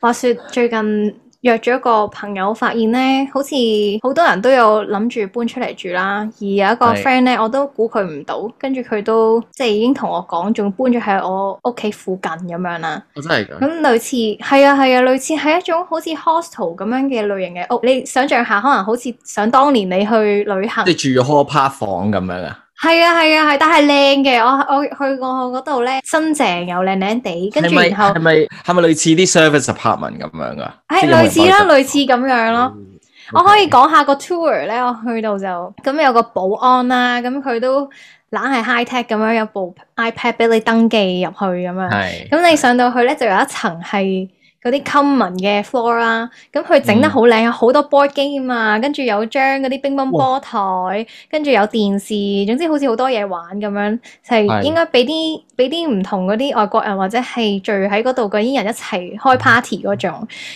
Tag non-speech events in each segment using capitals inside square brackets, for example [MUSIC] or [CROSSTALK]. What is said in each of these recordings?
話說最近約咗個朋友，發現咧好似好多人都有諗住搬出嚟住啦。而有一個 friend 咧，的我都估佢唔到，跟住佢都即係已經同我講，仲搬咗喺我屋企附近咁樣啦。我真係咁類似係啊係啊，啊，類似係一種好似 hostel 咁樣嘅類型嘅屋。你想象下，可能好似想當年你去旅行，即係住 co part 房咁樣啊。係啊係啊係，但係靚嘅，我我去過嗰度咧，新淨又靚靚地，跟住然後係咪係咪類似啲 service apartment 咁樣啊？誒是，類似啦，類似咁樣咯。嗯 okay. 我可以講下個 tour 咧，我去到就咁有個保安啦，咁佢都懶係 high tech 咁樣，有部 iPad 俾你登記入去咁樣，咁你上到去咧就有一層係。嗰啲 common 嘅 floor 啦，咁佢整得好靚，好多 board game 啊，跟住有張嗰啲乒乓波台，跟住有電視，總之好似好多嘢玩咁樣，係、就是、應該俾啲俾啲唔同嗰啲外國人或者係聚喺嗰度嗰啲人一齊開 party 嗰種。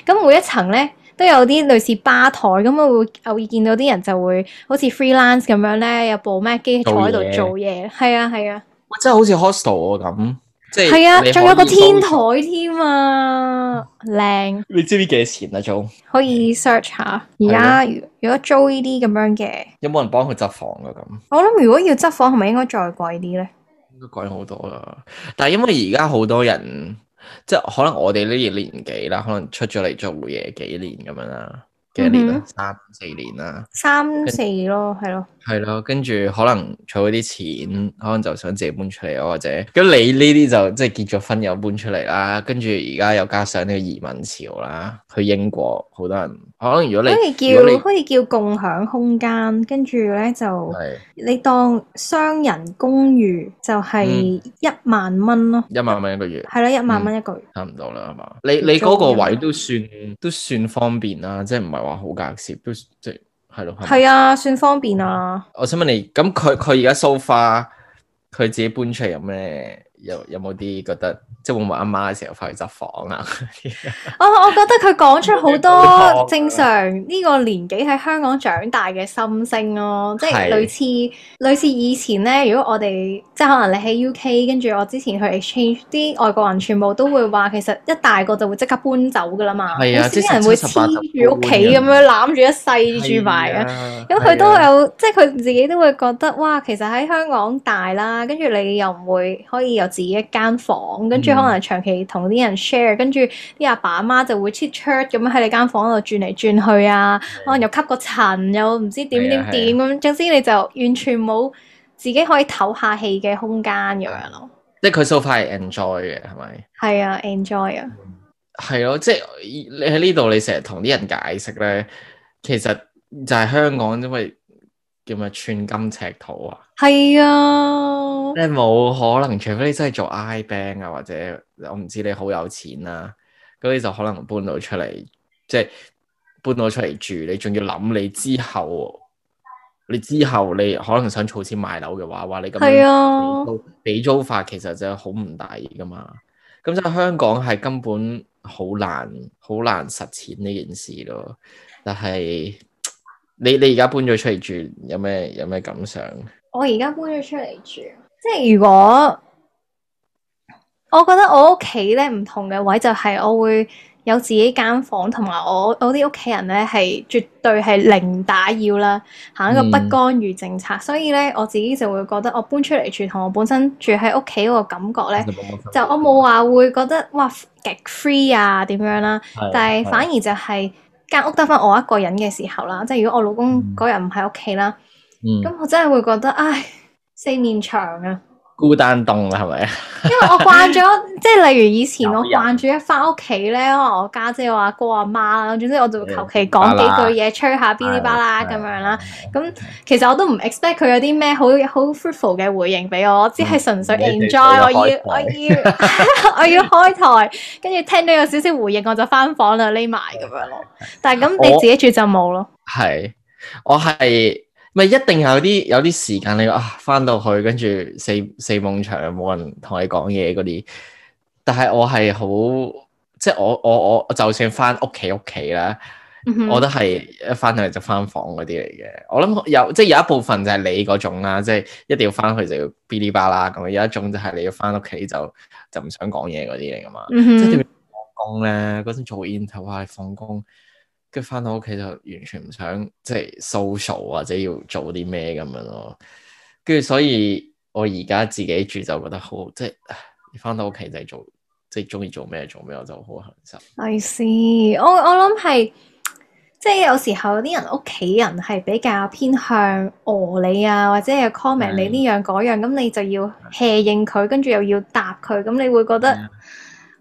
咁、嗯、每一層咧都有啲類似吧台，咁我會偶爾見到啲人就會好似 freelance 咁樣咧，有部咩機坐喺度做嘢。係啊係啊，啊真係好似 hostel 喎、啊、咁。係啊，仲可有個天台添啊事，靚。你、嗯、知唔知幾多錢啊？租可以 search 下。而家對了 如果租呢啲咁樣嘅，有冇人幫佢執房啊？咁我諗如果要執房，係咪應該再貴啲咧？應該貴好多啦，但係因為而家好多人，即係可能我哋呢年紀啦，可能出咗嚟做嘢幾年咁樣啦，幾年啊？三四、嗯、哼年啦、啊。三四咯，係咯、啊。他們 係咯，跟住可能儲咗啲錢，可能就想自己搬出嚟咯，或者咁你呢啲就即係、就是、結咗婚又搬出嚟啦，跟住而家又加上呢個移民潮啦，去英國好多人，可能如果你可以叫你可以叫共享空間，跟住咧就係你當雙人公寓就係一萬蚊咯，一萬蚊一個月係咯，一萬蚊一個月差唔多啦，係嘛？你你嗰個位都算都算方便啦，即係唔係話好隔涉，都即係。即係啊，算方便啊。 [NOISE] 我想問你，咁佢佢而家 so far，佢、so、自己搬出嚟有咩？有有冇啲覺得，即係會唔會阿媽嘅時候翻去執房啊？我、 [LAUGHS] [LAUGHS] oh, 我覺得佢講出好多正常呢個年紀喺香港長大嘅心聲咯，即係類似，是類，似類似以前咧。如果我哋即係可能你喺 UK，跟住我之前去 exchange 啲外國人，全部都會話其實一大個就會即刻搬走噶啦嘛。有冇啲人會黐住屋企咁樣攬住一世住埋啊？因佢、啊、都有、啊、即係佢自己都會覺得哇，其實喺香港大啦，跟住你又唔會可以有。自己一間房，跟住可能長期同啲人 share，跟住啲阿爸阿媽就會 chat chat 咁樣喺你間房度轉嚟轉去啊，是的 可能又吸個塵，又唔知點點點咁，總之你就完全冇自己可以唞下氣嘅空間咁樣咯。即係佢 so far enjoy 嘅係咪？係啊，enjoy 啊。係咯，即係、就是、你喺呢度，你成日同啲人解釋咧，其實就係香港因為。叫咩寸金尺土啊？係啊，你冇可能，除非你真係做 I Bank 啊，或者我唔知你好有錢啊，咁你就可能搬到出嚟，即係搬到出嚟住。你仲要諗你之後，你之後你可能想儲錢買樓嘅話，話你咁樣俾、啊、租，俾租法其實就係好唔抵噶嘛。咁即係香港係根本好難，好難實踐呢件事咯。但係，你你而家搬咗出嚟住有咩有咩感想？我而家搬咗出嚟住，即係如果我覺得我屋企咧，唔同嘅位，就係我會有自己間房，同埋我我啲屋企人咧，係絕對係零打擾啦，行一個不干預政策，嗯、所以咧我自己就會覺得我搬出嚟住同我本身住喺屋企嗰個感覺咧，嗯、就我冇話會覺得哇極 free 啊點樣啦，啊，嗯、但係反而就係、是。間屋得返我一個人嘅時候啦，即係如果我老公嗰日唔喺屋企啦，咁、嗯、我真係會覺得唉，四面牆啊！孤單凍啦，係咪？因為我慣咗，即係例如以前我慣住一翻屋企咧，我家姐，姐、我阿哥、阿媽啦，總之我就求其講幾句嘢，吹下嗶哩吧啦咁樣啦。咁其實我都唔 expect 佢有啲咩好好 fruitful 嘅回應俾我，我只係純粹 enjoy、嗯。我要我要 [LAUGHS] 我要開台，跟住聽到有少少回應，我就翻房啦，匿埋咁樣咯。但係咁你自己住就冇咯。係，我係。咪一定有啲有啲時間你啊翻到去跟住四四夢場冇人同你講嘢嗰啲，但係我係好，即係我我我就算翻屋企屋企啦，我都係一翻到嚟就翻房嗰啲嚟嘅。我諗有即係有一部分就係你嗰種啦，即係一定要翻去就要嗶哩吧啦咁。有一種就係你要翻屋企就就唔想講嘢嗰啲嚟噶嘛。嗯、哼即係點講呢，嗰陣做煙頭呀放工。跟住翻到屋企就完全唔想即係 social 或者要做啲咩咁樣咯，跟住所以我而家自己住就覺得好即係翻到屋企就係做即係中意做咩做咩我就好享受。係我我諗係即係有時候啲人屋企人係比較偏向餓你啊，或者係 comment 你呢樣嗰樣，咁的你就要 hea 應佢，的跟住又要答佢，咁你會覺得。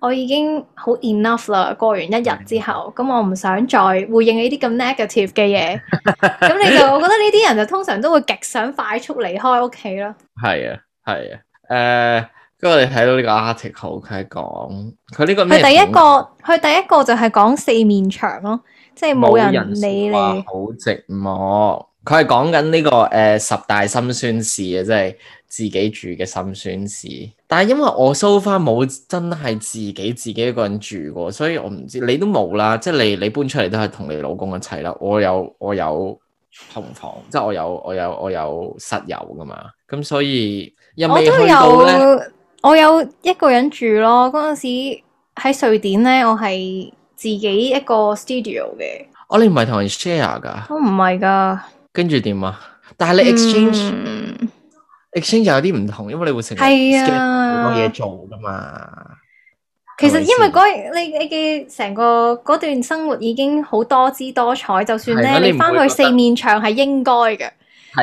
我已經好 enough 啦，過完一日之後，咁的、嗯、我唔想再回應呢啲咁 negative 嘅嘢。咁 [LAUGHS] 你就，我覺得呢啲人就通常都會極想快速離開屋企咯。係啊，係啊，誒、呃，跟住你睇到呢個 article，佢係講佢呢個佢第一個，佢第一個就係講四面牆咯，即係冇人理你，好寂寞。佢係講緊呢個誒、呃、十大心酸事啊，即係自己住嘅心酸事。但係因為我收翻冇真係自己自己一個人住過，所以我唔知你都冇啦。即係你你搬出嚟都係同你老公一齊啦。我有我有同房，即係我有我有我有室友噶嘛。咁所以入面去到我都有，我有一個人住咯。嗰陣時喺瑞典咧，我係自己一個 studio 嘅。哦，你唔係同人 share 㗎，我唔係㗎。跟住點啊？但係你 exchange，exchange 有啲唔同，因為你會成係啊好多嘢做噶嘛。其實因為嗰你你嘅成個段生活已經好多姿多彩，就算咧你翻去四面牆係應該嘅，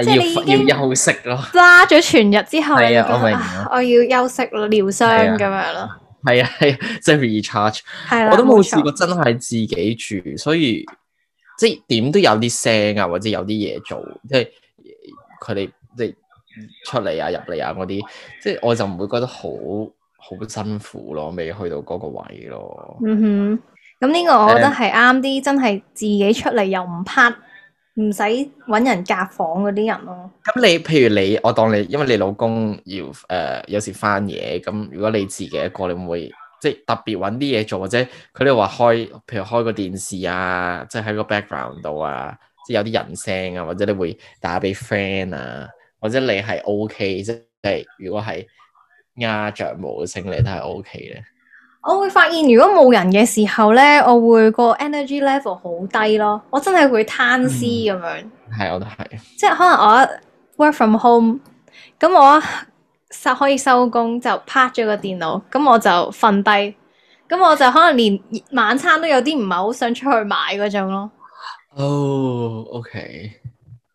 即係要要休息咯。揸咗全日之後，你覺得我要休息療傷咁樣咯。係啊係，即係 recharge。係，我都冇試過真係自己住，所以。即係點都有啲聲啊，或者有啲嘢做，即係佢哋即係出嚟啊、入嚟啊嗰啲，即係我就唔會覺得好好辛苦咯，未去到嗰個位咯。嗯哼，咁呢個我覺得係啱啲，嗯、真係自己出嚟又唔 part，唔使揾人夾房嗰啲人咯。咁你譬如你，我當你因為你老公要誒、呃、有時翻嘢，咁如果你自己一個，你會？即係特別揾啲嘢做，或者佢哋話開，譬如開個電視啊，即係喺個 background 度啊，即係有啲人聲啊，或者你會打俾 friend 啊，或者你係 O K，即係如果係鴉雀無聲你都係 O K 咧。我會發現如果冇人嘅時候咧，我會個 energy level 好低咯，我真係會癱屍咁樣。係、嗯，我都係。即係可能我 work from home，咁我。可以收工就趴咗個電腦，咁我就瞓低，咁我就可能連晚餐都有啲唔係好想出去買嗰種咯。哦、oh，OK，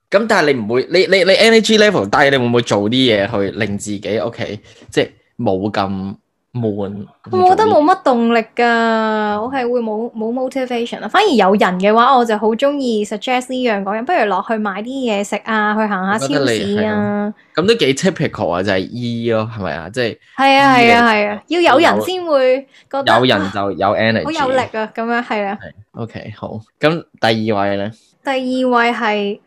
咁但係你唔會，你你你 energy level 低，你會唔會做啲嘢去令自己 OK，即係冇咁悶，我覺得冇乜動力噶，我係會冇冇 motivation 啊。反而有人嘅話，我就好中意 suggest 呢樣講嘢，不如落去買啲嘢食啊，去行下超市啊。咁都幾 typical 啊，就係 E 咯，係咪啊？即係，係啊，係啊，係啊，要有人先會覺得有人就有 energy，好有力啊，咁樣，係啊。OK，好，咁第二位咧？第二位係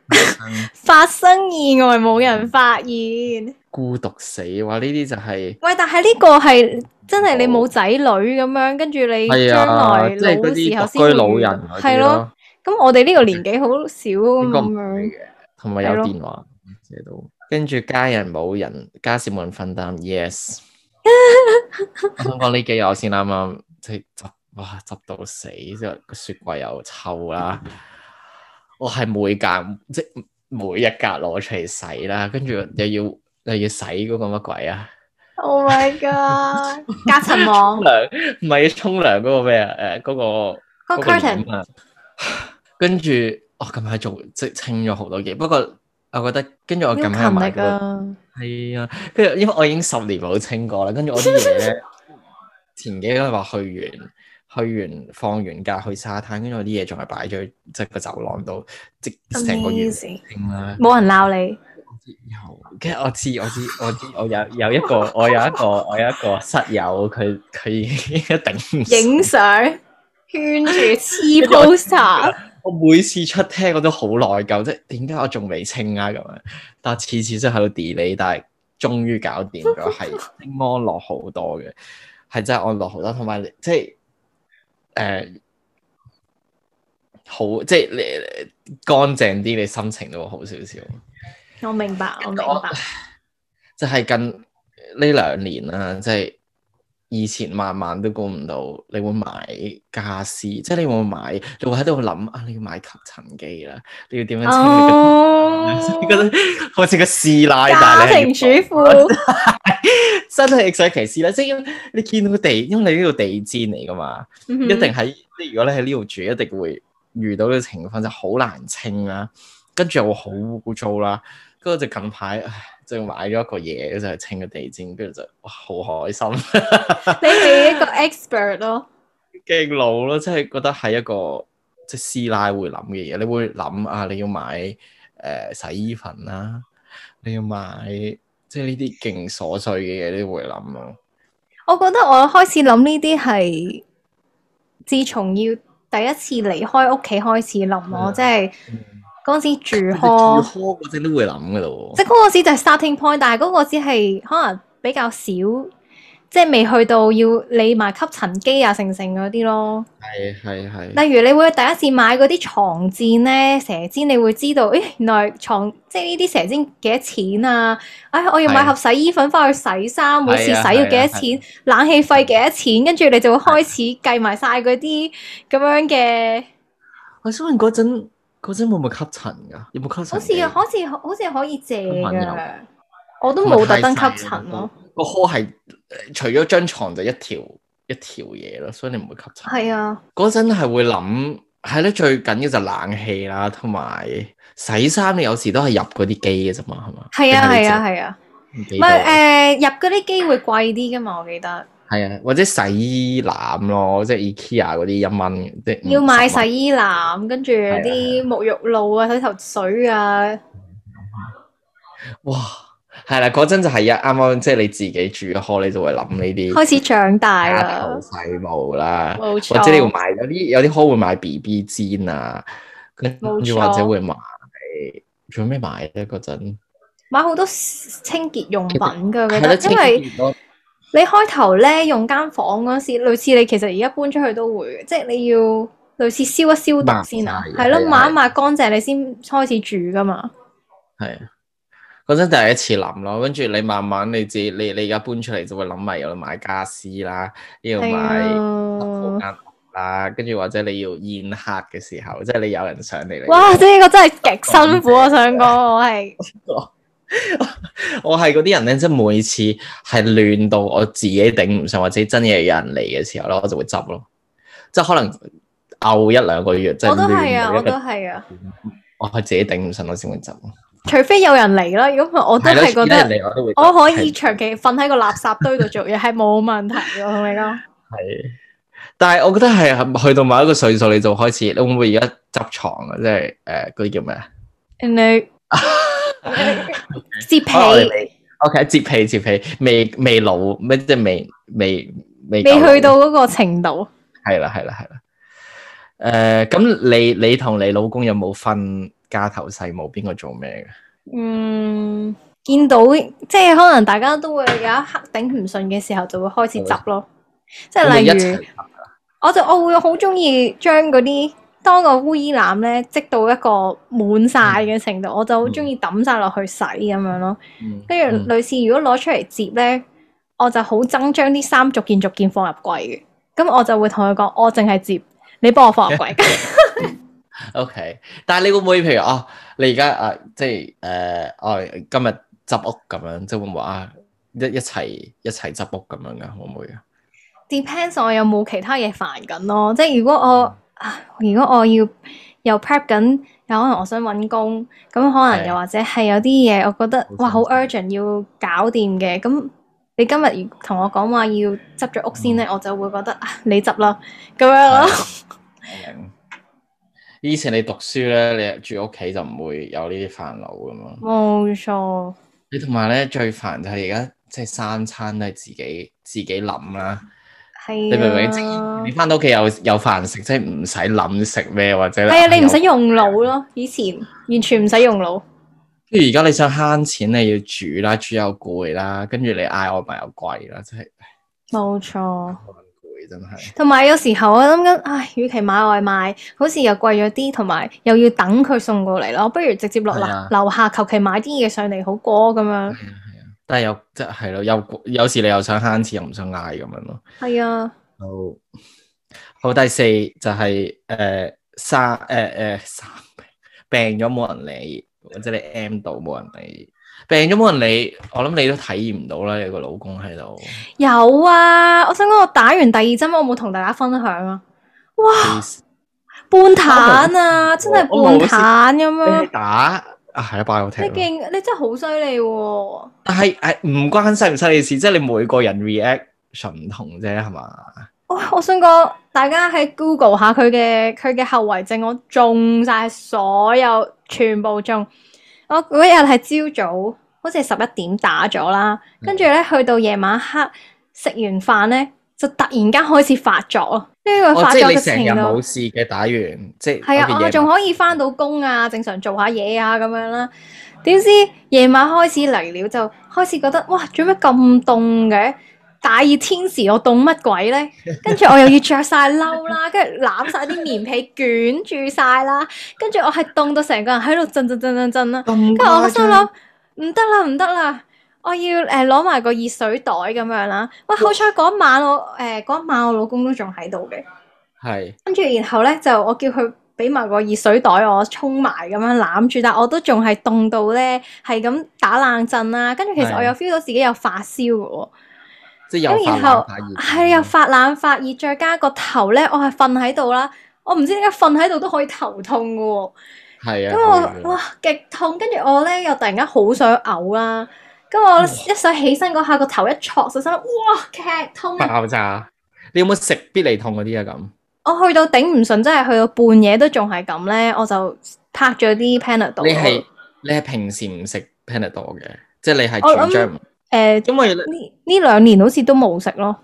發生意外冇人發現。孤獨死，話呢啲就係、是、喂，但係呢個係真係你冇仔女咁樣，跟住你將來老時候先、啊就是、獨居老人，係咯、啊。咁我哋呢個年紀好少咁樣，同埋有，有電話，都跟住家人冇人，家事冇人分擔。Yes， [LAUGHS] 我講呢幾日我先啱啱即係執哇，執到死，即係個雪櫃又臭啦。我係每格即係每一格攞出嚟洗啦，跟住又要。 [LAUGHS] 又要洗嗰個乜鬼啊？Oh my god！隔層網，唔係要沖涼嗰個咩啊？誒、那個，嗰個嗰個窗簾啊。跟住，我琴日做即清咗好多嘢。不過，我覺得跟住我今日買個係啊。跟住，因為我已經十年冇清過啦。跟住我啲嘢咧， [LAUGHS] 前幾日話去完，去完放完假去沙灘，跟住我啲嘢仲係擺咗即係個走廊度，即係成個月冇 [LAUGHS] 人鬧你。有，跟住我知，我知，我知，我有有一個，我有一個，我有一個室友，佢佢一頂唔住，影相圈住，黐布衫。我每次出廳，我都好內疚，即係點解我仲未清啊？咁樣，但係次次都喺度 delay，但係終於搞掂咗，係心安樂好多嘅，係真係安樂好多。同埋你，即係，誒、呃，好，即係你乾淨啲，你心情都會好少少。我明白，我明白，就係、是、近呢兩年啦、啊，即、就、係、是、以前萬萬都估唔到你會買家私，即、就、係、是、你會買，你會喺度諗啊，你要買吸塵機啦，你要點樣清？哦、你覺得好似個師奶家庭主婦，真係逆向歧視啦！即係你見到個地，因為你呢度地氈嚟噶嘛，嗯、哼一定喺即係如果你喺呢度住，一定會遇到呢個情況就好難清啦，跟住又會好污糟啦。嗰隻近排就買咗一個嘢，就係、是、清個地氈，跟住就哇好開心。 [LAUGHS] 你係一個 expert 咯、啊，勁老咯，即係覺得係一個即係師奶會諗嘅嘢，你會諗啊，你要買誒、呃、洗衣粉啦、啊，你要買即呢啲勁瑣碎嘅嘢，你會諗咯、啊。我覺得我開始諗呢啲係，自從要第一次離開屋企開始諗咯，即係、嗯。我就是嗰時住科，住嗰隻都會諗噶咯。即係嗰個時就係 starting point，但係嗰個只係可能比較少，即係未去到要理埋吸塵機啊、成成嗰啲咯。係係係。例如你會第一次買嗰啲床墊咧、蛇氈，你會知道，誒、哎，原來床即係呢啲蛇氈幾多錢啊？誒、哎，我要買盒洗衣粉翻去洗衫，的每次洗要幾多錢？冷氣費幾多錢？跟住你就會開始計埋晒嗰啲咁樣嘅。我想問嗰陣。嗰陣會唔會吸塵噶？有冇吸塵機？好似好似好似可以借噶，我都冇特登吸塵咯。個廁係除咗張床就一條一條嘢咯，所以你唔會吸塵。係啊，嗰陣係會諗，係咧，最緊要就冷氣啦，同埋洗衫你有時都係入嗰啲機嘅啫嘛，係嘛？係啊係啊係啊，唔係誒，入嗰啲機會貴啲噶嘛，我記得。係啊，或者洗衣籃咯，即係 IKEA 嗰啲一蚊。要買洗衣籃，跟住啲沐浴露啊、洗頭的水啊。哇，係啦，嗰陣就係啊，啱啱即係你自己住嘅，可能你就會諗呢啲。開始長大啦，洗毛啦，錯或者你會買有啲有啲可能會買 BB 氈啊，跟住錯或者會買，做咩買咧？嗰陣買好多清潔用品噶，記得實因為。你開頭咧用間房嗰時，類似你其實而家搬出去都會，即係你要類似消一消毒先啊，係咯，抹一抹乾淨你先開始住噶嘛。係，嗰陣第一次諗咯，跟住你慢慢你自你你而家搬出嚟就會諗埋要買傢俬啦，要買燈啦，跟住的或者你要宴客嘅時候，即係你有人上嚟你。哇！呢哇的個真係極辛苦啊！想講我係。 [LAUGHS] [LAUGHS] [LAUGHS] 我係嗰啲人咧，即係每次係亂到我自己頂唔順，或者真係有人嚟嘅時候咧，我就會執咯。即係可能漚一兩個月，即係我都係啊，我都係啊。我係自己頂唔順，我先會執咯。除非有人嚟啦，如果唔係我都係覺得，我可以長期瞓喺個垃圾堆度做嘢係冇問題。我同你講，係。但係我覺得係去到某一個歲數，你就開始，你會唔會而家執床啊？即係誒，嗰、呃、啲叫咩啊？你 then？ [LAUGHS] 接皮，OK，接皮接皮，未未、哦 okay, 老咩？即係未未未未去到嗰個程度。係啦係啦係啦。誒，咁、呃、你你同你老公有冇分家頭細務？邊個做咩嘅？嗯，見到即係可能大家都會有一刻頂唔順嘅時候，就會開始執咯。的即係例如，我，我就我會好中意將嗰啲。當個烏衣籃咧積到一個滿晒嘅程度，我就好中意抌晒落去洗咁、嗯、樣咯。跟住類似，如果攞出嚟摺咧，我就好憎將啲衫逐件逐件放入櫃嘅。咁我就會同佢講，我淨係摺，你幫我放入櫃。OK，但係你會唔會譬如哦、啊，你而家啊，即係誒，我、啊啊、今日執屋咁樣，即係會唔會啊一一齊一齊執屋咁樣噶？會唔會啊？Depends，我有冇其他嘢煩緊咯？即係如果我。啊！如果我要又 prep 緊，又可能我想搵工，咁可能又或者係有啲嘢，我覺得 [MUSIC] 哇，好 urgent 要搞掂嘅。咁你今日同我講話要執咗屋先咧，嗯、我就會覺得啊，你執啦，咁樣咯。嗯、 [LAUGHS] 以前你讀書咧，你住屋企就唔會有呢啲煩惱噶嘛。冇錯錯。你同埋咧最煩就係而家即係三餐都係自己自己諗啦。啊、你明唔明？你翻到屋企有有飯食，即係唔使諗食咩或者。係啊，你唔使用腦咯，以前完全唔使用腦。跟住而家你想慳錢，你要煮啦，煮又攰啦，跟住你嗌外賣又貴啦，真係。冇錯。攰真係。同埋有，有時候我諗緊，唉，與其買外賣，好似又貴咗啲，同埋又要等佢送過嚟咯，不如直接落樓樓下求其、啊、買啲嘢上嚟好過咁樣。但係又即係咯，又有，有時你又想慳錢，又唔想嗌咁樣咯。係啊的。好，好，第四就係誒生誒誒病病咗冇人理，或者你 M 到冇人理，病咗冇人理。我諗你都體驗唔到啦，你個老公喺度。有啊，我想講我打完第二針，我冇同大家分享啊。哇，半癱啊，真係半癱咁樣。打。啊，係啊，by 聽。拜我你勁，你真係好犀利喎！係，係唔關犀唔犀利事，即係你每個人 react 唔同啫，係嘛？哦，我我想講，大家喺 Google 下佢嘅佢嘅後遺症，我中晒所有全部中。我嗰日係朝早，好似係十一點打咗啦，跟住咧去到夜晚黑食完飯咧，就突然間開始發作啊！咗成日冇事嘅打完，即係啊，我仲可以翻到工啊，正常做下嘢啊咁樣啦。點知夜晚開始嚟了，就開始覺得哇，做咩咁凍嘅？大熱天時我凍乜鬼咧？跟住我又要着晒褸啦，跟住攬晒啲棉被捲住晒啦，跟住我係凍到成個人喺度震震震震震啦。跟住我個心諗唔得啦，唔得啦。我要誒攞埋個熱水袋咁樣啦，哇，好彩嗰晚我誒、呃、晚我老公都仲喺度嘅，係是，跟住然後咧就我叫佢俾埋個熱水袋我沖埋咁樣攬住，但我都仲係凍到咧係咁打冷震啦，跟住其實我又 feel 到自己有發燒嘅喎，是然後即係又發冷係又發冷發熱，再加個頭咧，我係瞓喺度啦，我唔知點解瞓喺度都可以頭痛嘅喎，係啊，咁我的哇極痛，跟住我咧又突然間好想嘔啦。咁我一想起身嗰下個頭一挫，就心諗哇劇痛、啊！爆炸！你有冇食必利痛嗰啲啊？咁我去到頂唔順，真係去到半夜都仲係咁咧，我就拍咗啲 Panadol。你係你係平時唔食 Panadol 嘅，即係你係主張誒？呃、因為呢呢兩年好似都冇食咯。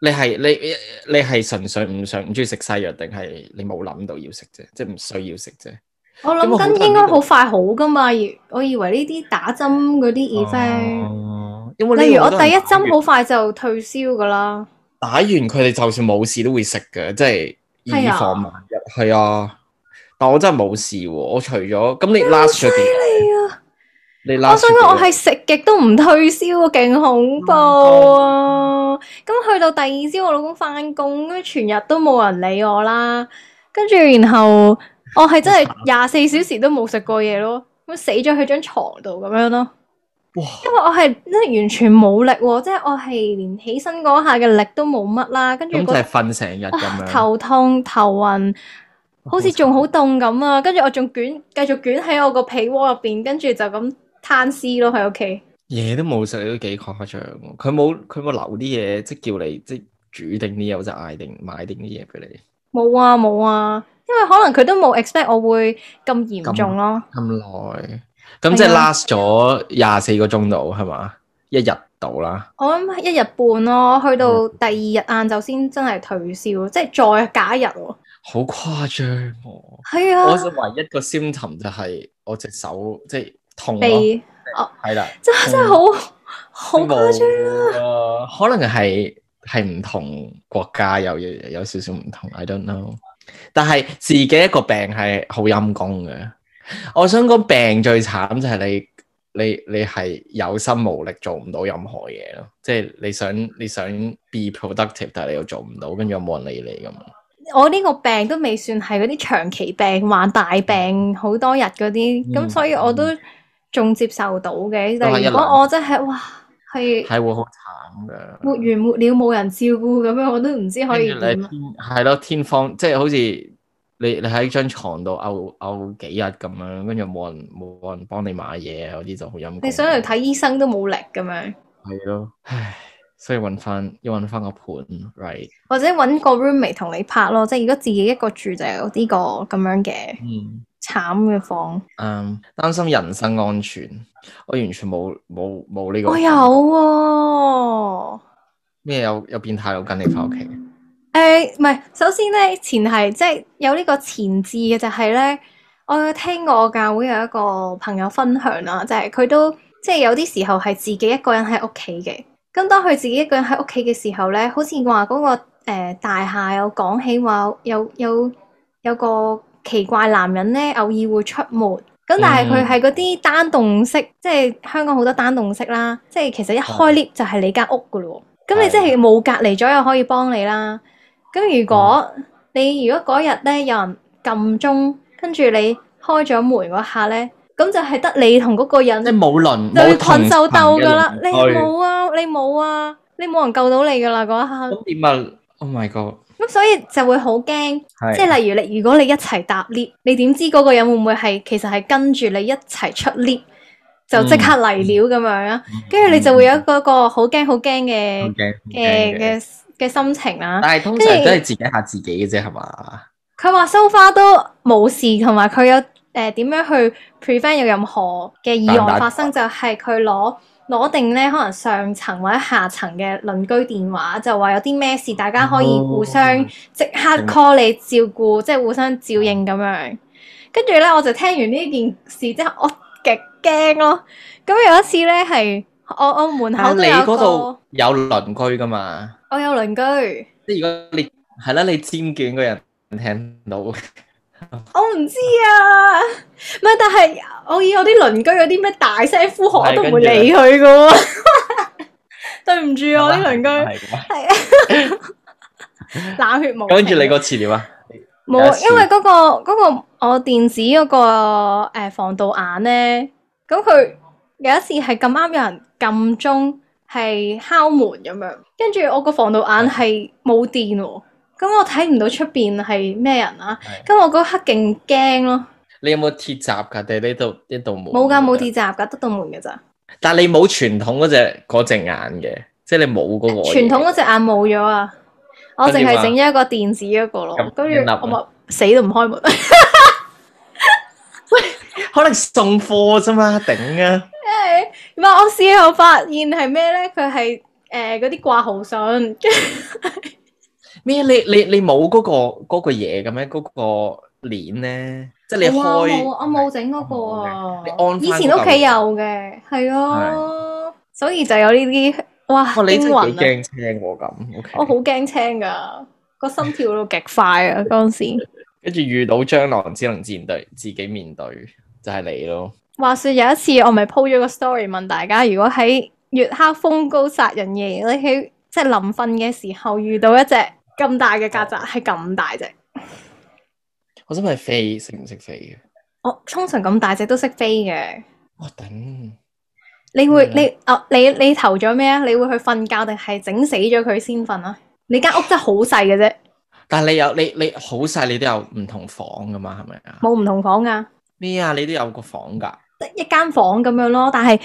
你係你你係純粹唔想唔中意食西藥，定係你冇諗到要食啫？即係唔需要食啫。我諗緊應該好快好噶嘛，我以為呢啲打針嗰啲 effect 例如我第一針好快就退燒噶啦。打完佢哋就算冇事都會食噶，即係以防萬一。係啊,啊，但我真係冇事。我除咗咁你 last 咗啲嚟啊，你 last 咗我想講我係食極都唔退燒，勁恐怖啊！咁、嗯、去到第二朝，我老公翻工，咁全日都冇人理我啦。跟住然後。我係真係廿四小時都冇食過嘢咯，咁死咗去張床度咁樣咯。哇！因為我係真係完全冇力，即係我係連起身嗰下嘅力都冇乜啦。跟住個瞓成日咁樣，啊，頭痛頭暈，好似仲好凍咁啊！跟住我仲捲繼續捲喺我個被窩入邊，跟住就咁攤屍咯喺屋企。嘢都冇食都幾誇張，佢冇佢冇留啲嘢，即係叫你即係煮定啲嘢，或者嗌定買定啲嘢俾你。冇啊冇啊，因為可能佢都冇 expect 我會咁嚴重咯。咁耐，咁即係 last 咗廿四個鐘度係嘛？一日到啦。我諗一日半咯，去到第二日晏晝先真係退燒，即係再假一日。好誇張哦！係啊，我唯一個 symptom 就係我隻手即係痛咯，係啦，真真係好好誇張啊！可能係。係唔同國家有有有少少唔同，I don't know。但係自己一個病係好陰功嘅。我想個病最慘就係你你你係有心無力做唔到任何嘢咯。即係你想你想 be productive，但係你又做唔到，跟住冇人理你咁啊。我呢個病都未算係嗰啲長期病患大病好多日嗰啲，咁、嗯、所以我都仲接受到嘅。嗯、但係如果我真係哇～係係是會好慘噶，沒完沒了冇人照顧咁樣，我都唔知可以點。係咯，天荒即係好似你你喺張床度嘔嘔幾日咁樣，跟住冇人冇人幫你買嘢啊，嗰啲就好陰。你想去睇醫生都冇力咁樣。係咯，唉，所以揾翻要揾翻個伴，right。或者揾個 roommate 同你拍咯，即係如果自己一個住就有呢個咁樣嘅。嗯慘嘅房，嗯，擔心人身安全，我完全冇冇冇呢、就是、個呢。我有喎，咩有有變態佬跟你翻屋企？誒，唔係，首先咧，前係即係有呢個前置嘅，就係咧，我有聽我教會有一個朋友分享啦，就係、是、佢都即係、就是、有啲時候係自己一個人喺屋企嘅。咁當佢自己一個人喺屋企嘅時候咧，好似話嗰個誒、呃、大廈有講起話有有有個。奇怪男人咧，偶爾會出門，咁但係佢係嗰啲單棟式，即係香港好多單棟式啦，即係其實一開 lift 就係你間屋噶咯。咁你即係冇隔離咗又可以幫你啦。咁如果你如果嗰日咧有人撳鐘，跟住你開咗門嗰下咧，咁就係得你同嗰個人，你冇鄰冇群就鬥噶啦。你冇啊，你冇啊，你冇人救到你噶啦嗰下。點啊？Oh my god！咁所以就會好驚，是即係例如你，如果你一齊搭 lift，你點知嗰個人會唔會係其實係跟住你一齊出 lift，就即刻嚟了咁樣，跟住、嗯、你就會有嗰個好驚好驚嘅嘅嘅嘅心情啦。但係通常都係自己嚇自己嘅啫，係嘛后？佢話 so far 都冇事，同埋佢有誒點、呃、樣去 prevent 有任何嘅意外發生，就係佢攞。攞定咧，可能上層或者下層嘅鄰居電話，就話有啲咩事，大家可以互相即刻 call 嚟照顧，哦、即係互相照應咁樣。跟住咧，我就聽完呢件事之後，我極驚咯。咁有一次咧，係我屋門口你嗰度有鄰居噶嘛，我有鄰居。即係如果你係啦，你尖卷嘅人聽到。我唔知啊，咩？但係我以我啲鄰居嗰啲咩大聲呼喊我都唔會理佢噶喎， [LAUGHS] 對唔住起的我啲鄰居，係的 [LAUGHS] 冷血無情。跟住你個詞料啊？冇有，因為嗰、嗰個、嗰個我電子嗰個誒防盜眼咧，咁佢有一次係咁啱有人撳鐘係敲門咁樣，跟住我個防盜眼係冇電。咁我睇唔到出邊係咩人啊。咁是的 我嗰刻勁驚咯。你有冇鐵閘噶？定呢度呢度門？冇噶，冇鐵閘噶，得道門嘅咋。但係你冇傳統嗰隻嗰隻眼嘅，即係你冇嗰個。傳統嗰隻眼冇咗啊！我淨係整咗一個電子一個咯，跟住何麼我咪死都唔開門。喂 [LAUGHS] ， [LAUGHS] 可能送貨啫嘛，頂啊！因為 [LAUGHS] [LAUGHS] 我事後發現係咩咧？佢係誒嗰啲掛號信。呃咩？你你你冇嗰個嗰個嘢嘅咩？嗰個鏈咧，即係你開。啊麼啊，我冇整嗰個啊。以前屋企有嘅，係啊，啊所以就有呢啲哇，你驚青啊。我呢次幾驚青喎咁，我好驚青噶，個心跳到極快啊！嗰陣時，跟住遇到蟑螂自然，只能面對自己面對，就係你咯。話說有一次，我咪鋪咗個 story 問大家，如果喺月黑風高殺人夜，你喺即係臨瞓嘅時候遇到一隻。咁大嘅曱甴係咁大隻，我想問飛識唔識飛嘅？我，哦、通常咁大隻都識飛嘅。我頂！你會你，啊你你投咗咩啊？你會去瞓覺定係整死咗佢先瞓啊？你間屋真係好細嘅啫。但係你有你你好細，你都有唔同房噶嘛？係咪啊？冇唔同房噶咩啊？你都有個房噶得一間房咁樣咯。但係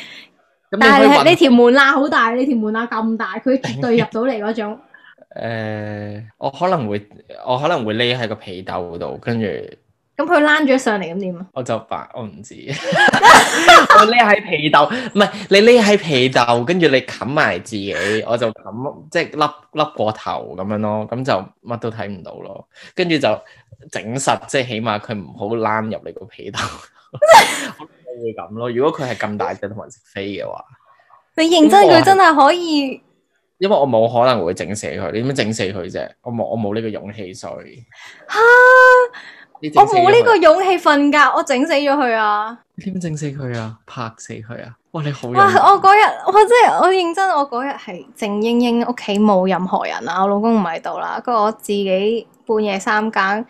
但係你條門罅好大，你條門罅咁大，佢絕對入到嚟嗰種。 [LAUGHS] 誒，uh, 我可能會，我可能會匿喺個被竇度，跟住，咁佢躝咗上嚟，咁點啊？我就扮， [LAUGHS] 我唔知，我匿喺被竇，唔係你匿喺被竇，跟住你冚埋自己，我就冚，即係笠笠過頭咁樣咯，咁就乜都睇唔到咯，跟住就整實，即係起碼佢唔好躝入你個被竇，我會咁 [LAUGHS] [LAUGHS] 咯。如果佢係咁大隻同埋識飛嘅話，你認真，佢真係可以。因為我冇可能會整死佢，你點樣整死佢啫？我冇我冇呢個勇氣，所以吓、啊，我冇呢個勇氣瞓覺，我整死咗佢啊！你點樣整死佢啊？拍死佢啊！哇，你好哇！我嗰日我真係我認真，我嗰日係靜英英屋企冇任何人啦，我老公唔喺度啦，不過我自己半夜三更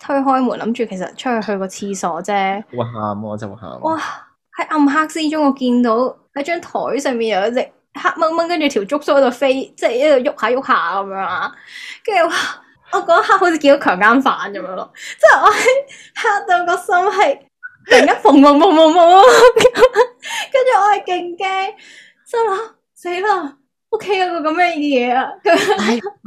推開門，諗住其實出去去個廁所啫。會喊我，我真喊！哇！喺暗黑之中我見到喺張台上面有一隻。黑掹掹，跟住條竹鬚喺度飛，即係一路喐下喐下咁樣啊！跟住哇，我嗰刻好似見到強姦犯咁樣咯，即係我係吓到個心係突 [LAUGHS] 然間砰砰砰砰砰，跟住我係勁驚，心諗死啦！屋企有個咁嘅嘢啊！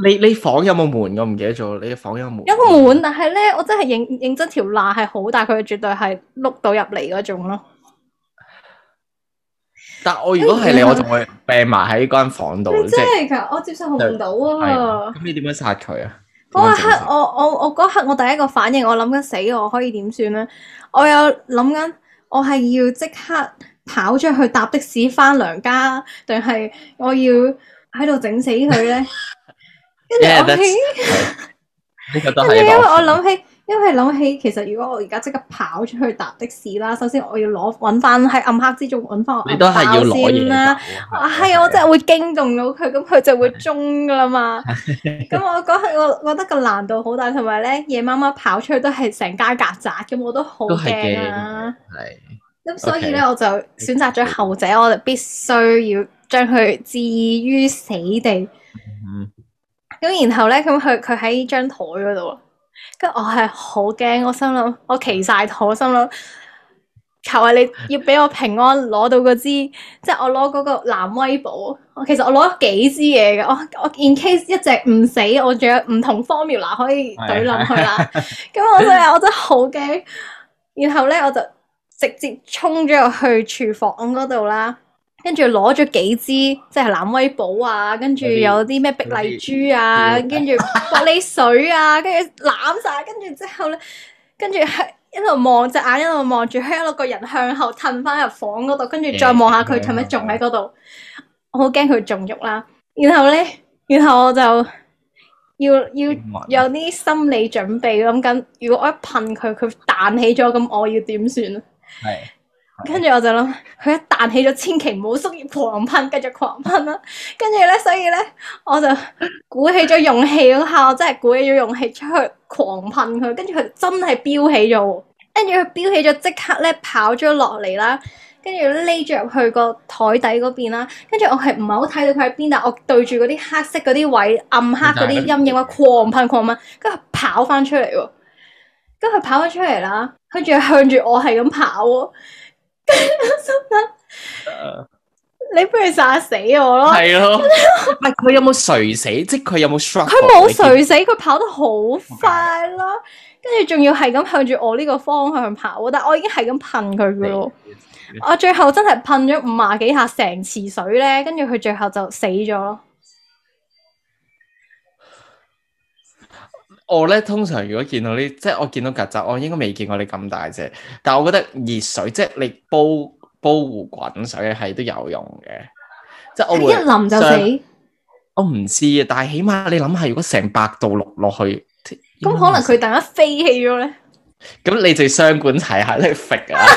你你房有冇門？我唔記得咗，你房有冇門？有門，有有門有個門但係咧，我真係認認真條罅係好大，佢絕對係碌到入嚟嗰種咯。但我如果係你，哎、呀我仲會病埋喺嗰間房度。真係噶，是其實我接受唔到啊！咁你點樣殺佢啊？我係我我我嗰刻我第一個反應，我諗緊死，我可以點算咧？我有諗緊，我係要即刻跑出去搭的士翻娘家，定係我要喺度整死佢咧？跟住我諗起，因為、yeah, that right. [LAUGHS] [LAUGHS] 因為我諗起。因為諗起其實如果我而家即刻跑出去搭的士啦，首先我要攞搵翻，喺暗黑之中搵翻我阿媽先啦。係啊，我真係會驚動到佢，咁佢就會中噶啦嘛。咁我嗰刻我覺得個難度好大，同埋咧，夜媽媽跑出去都係成家曱甴，咁我都好驚呀。係。咁所以咧，我就選擇咗後者，我哋必須要將佢置於死地。咁然後咧，咁佢佢喺張台嗰度。跟住我係好驚，我心諗我奇晒妥，我心諗求下你要俾我平安攞到嗰支。 [LAUGHS] 即係我攞嗰個藍威寶。我其實我攞咗幾支嘢嘅，我我 in case 一隻唔死，我仲有唔同 formula 可以懟冧佢啦。咁所以我真係好驚。然後咧，我就直接衝咗入去廚房嗰度啦。跟住攞咗幾支，即係藍威寶啊，跟住有啲咩碧麗珠啊，跟住、啊、玻璃水啊，跟住攬晒。跟住之後咧，跟住係一路望隻眼一，一路望住，向一路個人向後褪翻入房嗰度，跟住再望下佢，係咪仲喺嗰度？我好驚佢仲喐啦。然後咧， [LAUGHS] 然後我就要要有啲心理準備，諗緊如果我一噴佢，佢彈起咗，咁我要點算啊？係。 [LAUGHS] [LAUGHS] 跟住我就諗，佢一彈起咗，千祈唔好縮住狂噴，繼續狂噴啦。跟住咧，所以咧，我就鼓起咗勇氣嗰下，我真係鼓起咗勇氣出去狂噴佢。跟住佢真係飆起咗，跟住佢飆起咗，即刻咧跑咗落嚟啦。跟住匿着入去個台底嗰邊啦。跟住我係唔係好睇到佢喺邊，但我對住嗰啲黑色嗰啲位，暗黑嗰啲陰影啊，狂噴狂噴，跟住跑翻出嚟喎。跟住佢跑翻出嚟啦，佢仲向住我係咁跑。 [LAUGHS] 你不如殺死我咯。的，係咯。係佢有冇垂死？即係佢有冇？佢冇垂死，佢跑得好快咯。跟住仲要係咁向住我呢個方向跑，但係我已經係咁噴佢噶咯。的我最後真係噴咗五啊幾下成池水咧，跟住佢最後就死咗咯。我咧通常如果見到啲，即係我見到曱甴，我應該未見過你咁大隻。但係我覺得熱水，即係你煲煲壺滾水係都有用嘅。即係我一淋就死。我唔知啊，但係起碼你諗下，如果成百度落落去，咁、嗯、可能佢突然飛起咗咧。咁你就雙管齊下咧，飛啊！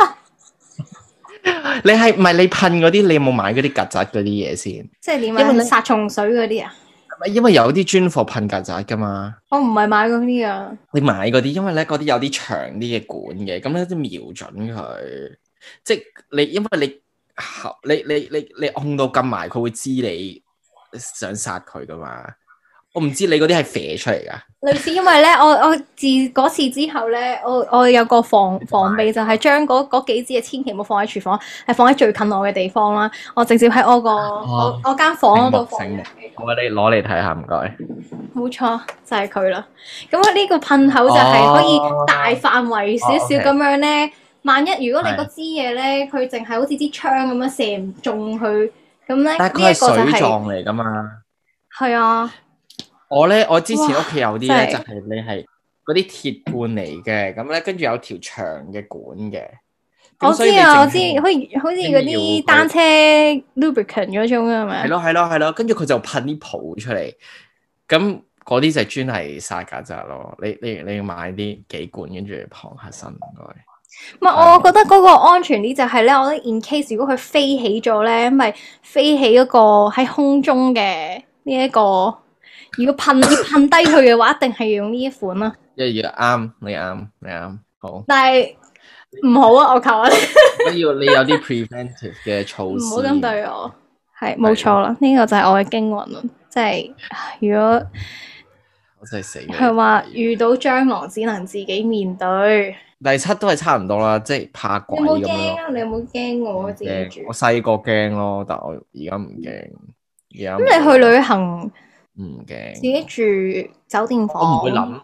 [LAUGHS] [LAUGHS] [LAUGHS] 你係唔係你噴嗰啲？你有冇買嗰啲曱甴嗰啲嘢先？即係點？係咪殺蟲水嗰啲啊？因為有啲專貨噴曱甴噶嘛。我唔係買嗰啲啊。你買嗰啲，因為咧嗰啲有啲長啲嘅管嘅，咁咧要瞄準佢，即係你，因為你你你你你，你控到禁埋，佢會知你想殺佢噶嘛。我唔知你嗰啲係飛出嚟噶，類似因為咧，我我自嗰次之後咧，我我有個防防備就係將嗰嗰幾支嘢千祈唔好放喺廚房，係放喺最近我嘅地方啦。我直接喺、那個哦、我個我間房嗰度放。我你攞嚟睇下，唔該。冇錯就係佢啦。咁啊，呢個噴口就係可以大範圍少少咁樣咧。哦 okay、萬一如果你個支嘢咧，佢淨係好似支槍咁樣射唔中佢咁咧，呢一個就係。水狀嚟噶嘛？係啊。我咧，我之前屋企有啲咧，就係、是、你係嗰啲鐵罐嚟嘅，咁咧跟住有條長嘅管嘅。我知啊，我知，可以像他好似嗰啲單車 lubricant 嗰種嘅係咪？係咯係咯係咯，跟住佢就噴啲泡出嚟，咁嗰啲就專係殺曱甴咯。你你你要買啲幾罐，跟住旁下身嗰啲。唔係、就是，我覺得嗰個安全啲就係咧，我覺得 in case 如果佢飛起咗咧，因、就、為、是、飛起嗰個喺空中嘅呢一個。.如果噴噴低佢嘅話，一定係用呢一款啦。一樣啱，你啱，你啱，好。但係唔好啊！我求你！你要你有啲 preventive 嘅措施。唔好針對我，係冇錯啦。呢個就係我嘅驚魂咯，即係如果我真係死。佢話遇到蟑螂只能自己面對。第七都係差唔多啦，即係怕鬼你有冇驚啊？你有冇驚我自己？我細個驚咯，但係我而家唔驚。咁你去旅行？唔驚，自己住酒店房，唔會諗，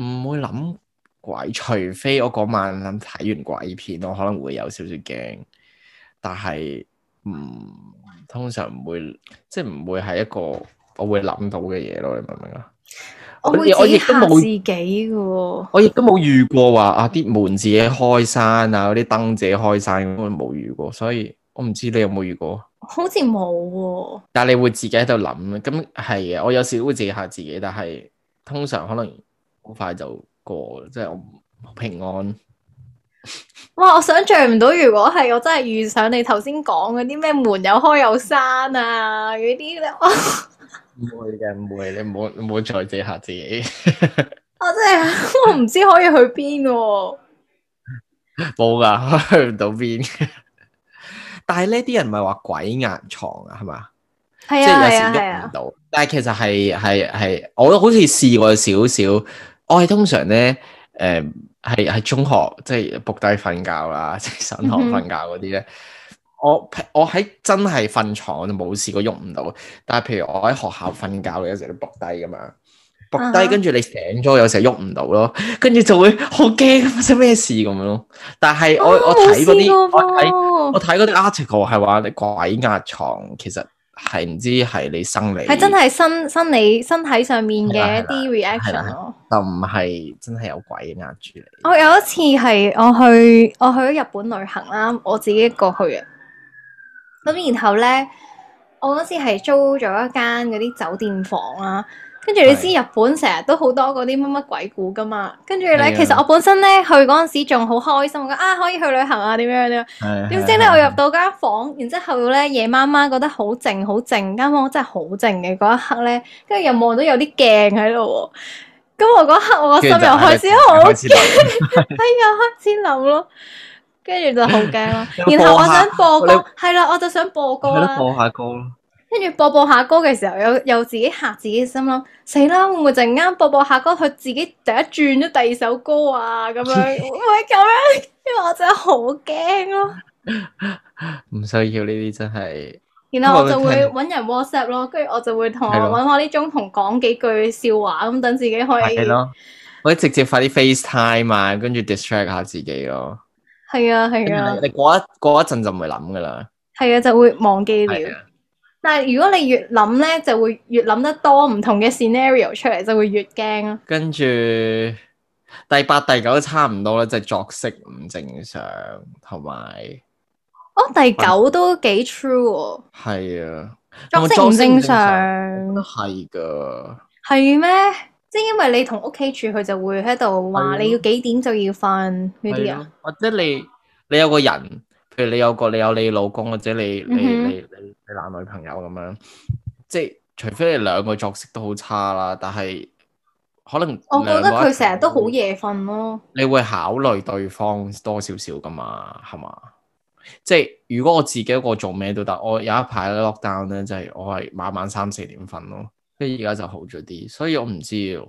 唔會諗鬼，除非我嗰晚諗睇完鬼片，我可能會有少少驚，但係唔通常唔會，即係唔會係一個我會諗到嘅嘢咯，你明唔明、哦、啊？我我亦都冇自己嘅，我亦都冇遇過話啊啲門自己開閂啊，嗰啲燈自己開閂，我冇遇過，所以。我唔知你有冇遇過，好似冇喎。但係你會自己喺度諗，咁係嘅。我有時都會嚇下自己，但係通常可能好快就過，即係我平安。 [LAUGHS] 哇！我想象唔到，如果係我真係遇上你頭先講嗰啲咩門有開有閂啊，嗰啲咧。唔 [LAUGHS] 會嘅，唔會，你唔好唔好再嚇下自己。 [LAUGHS] 我真係，我唔知可以去邊，啊。冇噶，去唔到邊。但係呢啲人唔係話鬼壓床啊，係嘛？即係有時喐唔到。啊啊、但係其實係係係，我都好似試過少少。我係通常咧，誒係喺中學即係撲低瞓覺啦，即係上堂瞓覺嗰啲咧。我我喺真係瞓床我就冇試過喐唔到。但係譬如我喺學校瞓覺嘅，有時都撲低咁樣。伏低，跟住、uh huh. 你醒咗，有時喐唔到咯，跟住就會好驚，發生咩事咁樣咯。但係我、哦、我睇嗰啲，我睇嗰啲 article 係話，你鬼壓床其實係唔知係你生理，係真係身生理身體上面嘅一啲 reaction，就唔係真係有鬼壓住你。我有一次係我去我去咗日本旅行啦，我自己過去嘅。咁然後咧，我嗰次係租咗一間嗰啲酒店房啦、啊。跟住你知日本成日都好多嗰啲乜乜鬼故噶嘛？跟住咧，是的 其實我本身咧去嗰陣時仲好開心，我覺得啊可以去旅行啊點樣點、啊、樣？點是的 知咧是的 我入到間房，然之後咧夜媽媽覺得好靜好靜間房真係好靜嘅嗰一刻咧，跟住又望到有啲鏡喺度喎。咁我嗰刻我個心又開始好驚 [LAUGHS] [LAUGHS] 哎呀，黑天諗咯，跟住就好驚啦。 [LAUGHS] 個播 然後我想播歌，係啦對就，我就想播歌啦，播下歌咯。跟住播播下歌嘅時候，又又自己吓自己心諗，死啦！會唔會陣間播播下歌，佢自己第一轉咗第二首歌啊？咁樣會唔會咁樣？因為我真係好驚咯。唔需要呢啲真係。然後我就會搵人 WhatsApp 咯，跟住我就會同搵我啲中同講幾句笑話，咁等自己可以。係咯。或者直接發啲 FaceTime 啊，跟住 distract 下自己咯。係啊係啊。你過一過一陣就唔會諗噶啦。係啊，就會忘記咗。但係如果你越諗咧，就會越諗得多唔同嘅 scenario 出嚟，就會越驚咯。跟住第八、第九都差唔多啦，即係作息唔正常，同埋哦，第九都幾 true。係啊，啊作息唔正常，係噶。係咩？即係因為你同屋企住，佢就會喺度話你要幾點就要瞓嗰啲啊，或者你你有個人。譬如你有個你有你老公或者你你你你男女朋友咁樣，即係除非你兩個作息都好差啦，但係可能我覺得佢成日都好夜瞓咯。你會考慮對方多少少㗎嘛？係咪？即係如果我自己一個做咩都得，我有一排 lock down 咧，就係、是、我係晚晚三四點瞓咯，跟住而家就好咗啲，所以我唔知。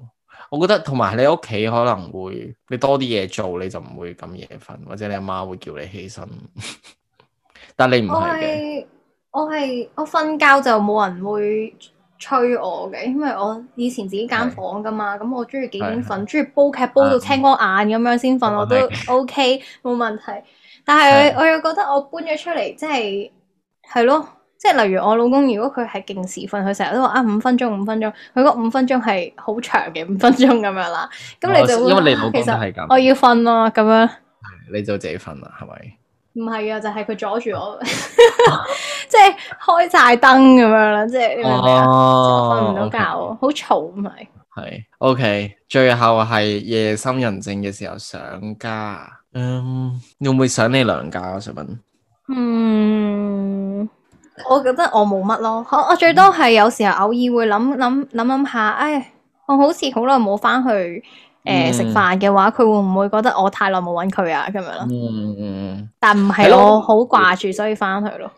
我覺得同埋你屋企可能會你多啲嘢做，你就唔會咁夜瞓，或者你阿媽會叫你起身。但你唔係，我係我瞓覺就冇人會催我嘅，因為我以前自己間房噶嘛，咁是我中意幾點瞓，中意是煲劇煲到青光眼咁樣先瞓，我都 OK 冇問題。但係是我又覺得我搬咗出嚟，即係係咯。即係例如我老公，如果佢係勁時瞓，佢成日都話啊五分鐘五分鐘，佢嗰五分鐘係好長嘅五分鐘咁樣啦。咁、哦、你就會因為你其實係咁，我要瞓咯咁樣。你就自己瞓啦，係咪？唔係啊，就係佢阻住我，即 [LAUGHS] 係開晒燈咁樣啦，即係你明唔明瞓唔到覺，好嘈唔係？係 okay, OK，最後係夜深人靜嘅時候想家。嗯，會唔會想你娘家，我想問？嗯。我覺得我冇乜咯，我我最多係有時候偶爾會諗諗諗諗下，唉，我好似好耐冇翻去誒食飯嘅話，佢會唔會覺得我太耐冇揾佢啊咁樣咯？嗯，嗯但嗯但唔係我好掛住，所以翻去咯。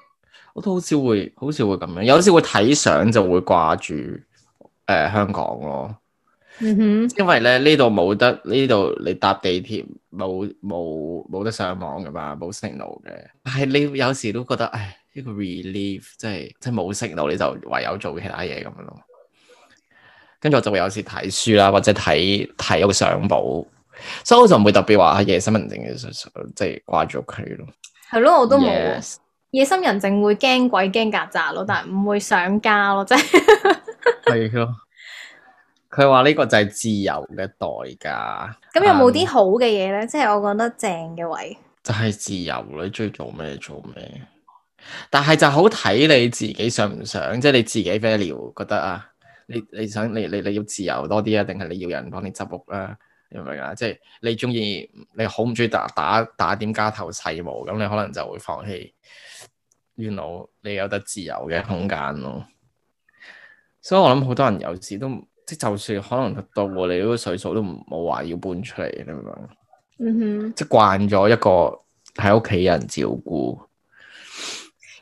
我都好少會，好少會咁樣，有時會睇相就會掛住誒香港咯。嗯哼，因為咧呢度冇得，呢度你搭地鐵冇冇冇得上網噶嘛，冇信號嘅。係你有時都覺得唉。呢個 relief 即係即係冇識到你就唯有做其他嘢咁樣咯，跟住我就會有時睇書啦，或者睇睇個相簿，所以我就唔會特別話喺夜深人靜嘅時候即係掛住佢咯。係咯，我都冇 Yes. 夜深人靜會驚鬼驚曱甴咯，但係唔會想家咯，即係係咯。佢話呢個就係自由嘅代價。咁有冇啲好嘅嘢咧？即係、嗯、我覺得正嘅位就係自由，你中意做咩做咩。但係就好睇你自己想唔想，即係你自己 value 覺得啊，你你想你你你要自由多啲啊，定係你要人幫你執屋啦？你明唔明啊？即係你中意，你好唔中意打打打點家頭細務，咁你可能就會放棄原來 you know, 你有得自由嘅空間咯。所以我諗好多人有時都即就算可能到你嗰個歲數都冇話要搬出嚟，你明唔明？Mm hmm. 即係慣咗一個喺屋企人照顧。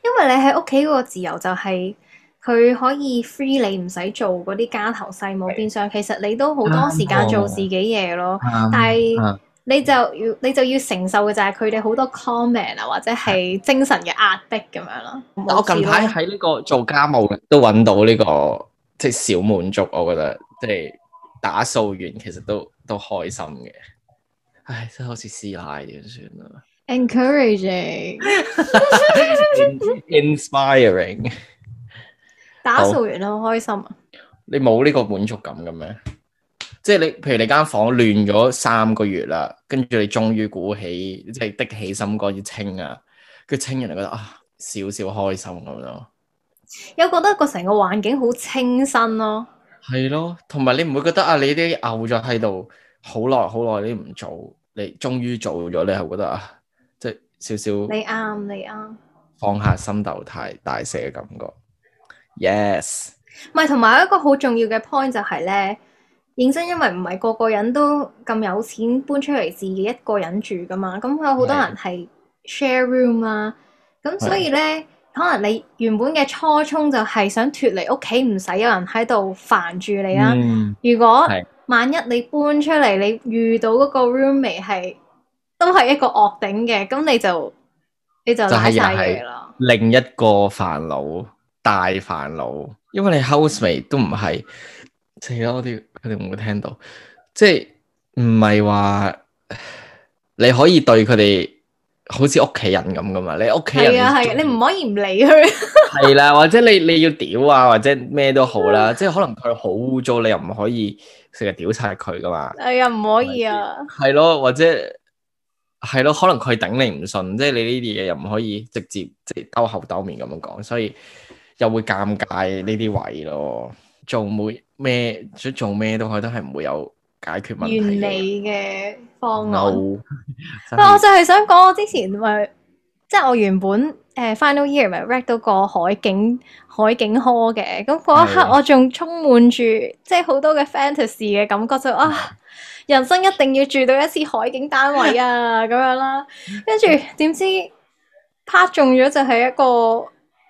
因為你喺屋企嗰個自由就係佢可以 free 你唔使做嗰啲家頭細務，變相的其實你都好多時間做自己嘢咯。嗯、但係你、嗯、你就要你就要承受嘅就係佢哋好多 comment 啊，或者係精神嘅壓迫咁樣的咯。我近排喺呢個做家務都揾到呢、這個即係、就是、小滿足，我覺得即係打掃完其實都都開心嘅。唉，真係好似師奶點算啊！encouraging，inspiring， [LAUGHS] In，打掃完好開心啊！你冇呢個滿足感嘅咩？即係你，譬如你間房亂咗三個月啦，跟住你終於鼓起，即係的起心肝要清啊！佢清完就覺得啊，少少開心咁咯。有覺得個成個環境好清新咯，哦，係咯，同埋你唔會覺得啊？你啲漚咗喺度好耐好耐你唔做，你終於做咗你係覺得啊！少少，你啱，你啱，放下心頭太大石嘅感覺，Yes。唔係，同埋有一個好重要嘅 point 就係咧，認真，因為唔係個個人都咁有錢搬出嚟自己一個人住噶嘛，咁有好多人係 share room 啊，咁的所以咧，的可能你原本嘅初衷就係想脫離屋企，唔使有人喺度煩住你啦，啊。嗯、如果萬一你搬出嚟，的你遇到嗰個 roommate 係。都係一個惡頂嘅，咁你就你就諗晒嘢咯。就係又係另一個煩惱，大煩惱，因為你 housemate 都唔係，成日我哋佢哋冇聽到，即係唔係話你可以對佢哋好似屋企人咁噶嘛？你屋企人係啊係、啊，你唔可以唔理佢。係 [LAUGHS] 啦、啊，或者你你要屌啊，或者咩都好啦， [LAUGHS] 即係可能佢好污糟，你又唔可以成日屌晒佢噶嘛？哎呀，唔可以啊！係咯、啊啊，或者。係咯，可能佢頂你唔順，即係你呢啲嘢，又唔可以直接即係兜口兜面咁樣講，所以又會尷尬呢啲位咯。做每咩做咩都，佢都係唔會有解決問題嘅方案。No, [LAUGHS] 的我就係想講，我之前咪即係我原本誒、呃、final year 咪 read 到個海景海景科嘅，咁嗰一刻我仲充滿住的即係好多嘅 fantasy 嘅感覺就啊～ [LAUGHS] 人生一定要住到一次海景單位啊，咁 [LAUGHS] 樣啦，跟住點知 [LAUGHS] 拍中咗就係一個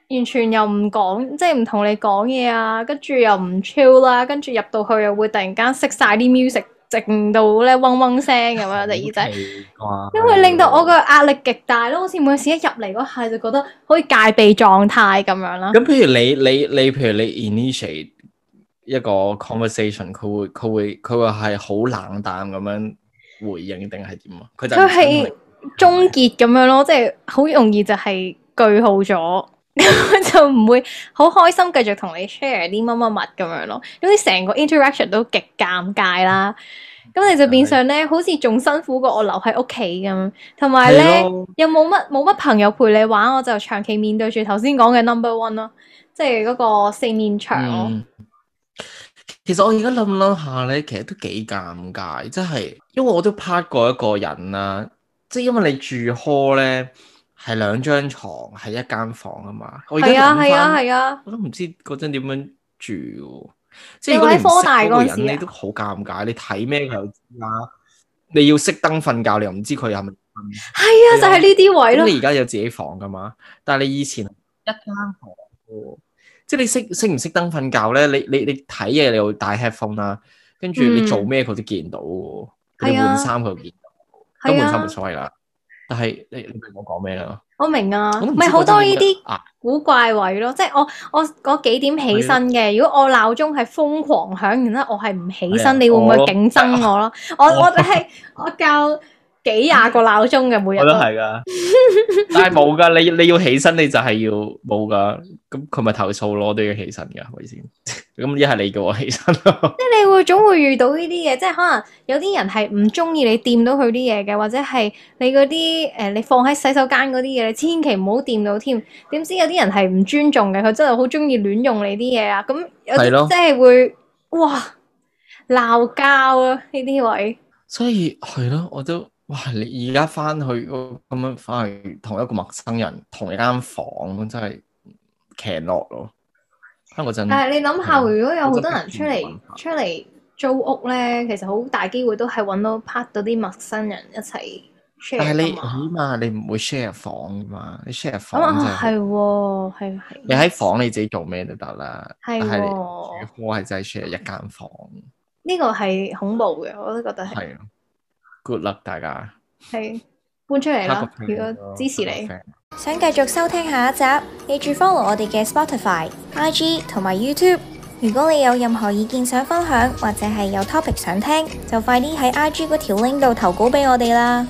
完全又唔講，即係唔同你講嘢啊，跟住又唔 chill 啦，跟住入到去又會突然間熄晒啲 music，靜到咧嗡嗡聲咁樣隻耳仔，因為令到我個壓力極大咯， [LAUGHS] 好似每次一入嚟嗰下就覺得可以戒備狀態咁樣啦。咁譬如你你你，你譬如你 initiate。你一個 conversation，佢會佢會佢會係好冷淡咁樣回應，定係點啊？佢佢係終結咁樣咯，對即係好容易就係句號咗， [LAUGHS] 就唔會好開心繼續同你 share 啲乜乜乜咁樣咯。總之成個 interaction 都極尷尬啦。咁、嗯、你就變相咧，的好似仲辛苦過我留喺屋企咁，同埋咧又冇乜冇乜朋友陪你玩，我就長期面對住頭先講嘅 number one 咯，即係嗰個四面牆咯。嗯。其實我而家諗諗下咧，其實都幾尷尬，即係因為我都 part 過一個人啦，即係因為你住 hall 咧係兩張床，係一間房啊嘛。我而家諗翻。係啊，係啊，我都唔知嗰陣點樣住，即係如果你唔識嗰個人，你喺科大嗰陣，你都好尷尬。你睇咩佢又知啦，你要熄燈瞓覺，你又唔知佢係咪瞓。係啊，就係呢啲位咯。你而家有自己房噶嘛？但係你以前一間房。即係你熄熄唔熄燈瞓覺咧？你你你睇嘢你會戴 headphone 啦，跟住你做咩佢都見到，你換衫佢都見到，你換衫冇所謂啦。但係你你明、啊、我講咩啦？我明啊，唔係好多呢啲古怪位咯。即係我我嗰幾點起身嘅，啊、如果我鬧鐘係瘋狂響，然之後我係唔起身，啊、你會唔會競爭我咯？我 [LAUGHS] 我就係我教。幾廿個鬧鐘嘅每日，都係噶， [LAUGHS] 但係冇噶，你你要起身，你就係要冇噶，咁佢咪投訴咯，都要起身噶，咁一係你叫我起身咯。 [LAUGHS] 即係你會總會遇到呢啲嘢，即係可能有啲人係唔中意你掂到佢啲嘢嘅，或者係你嗰啲誒，你放喺洗手間嗰啲嘢，你千祈唔好掂到添。點知有啲人係唔尊重嘅，佢真係好中意亂用你啲嘢啊！咁係咯，即係會哇鬧交啊呢啲位。所以係咯，我都。哇！你而家翻去嗰咁樣翻去同一個陌生人同一間房，真係騎駱咯。香港但係你諗下，吧如果有好多人出嚟出嚟租屋咧，其實好大機會都係搵到 part 到啲陌生人一齊 share。但係你起碼你唔會 share 房噶嘛，你 share 房係、就係。咁啊，係、啊、喎，哦、係係你喺房你自己做咩都得啦。係、哦。我係真係 share 一間房。呢個係恐怖嘅，我都覺得係。係啊。Good luck 大家，係搬出嚟啦！of 如果支持你，持你想繼續收聽下一集，記住 follow 我哋嘅 Spotify、IG 同埋 YouTube。如果你有任何意見想分享，或者係有 topic 想聽，就快啲喺 IG 嗰條 link 度投稿俾我哋啦。